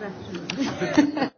Good afternoon.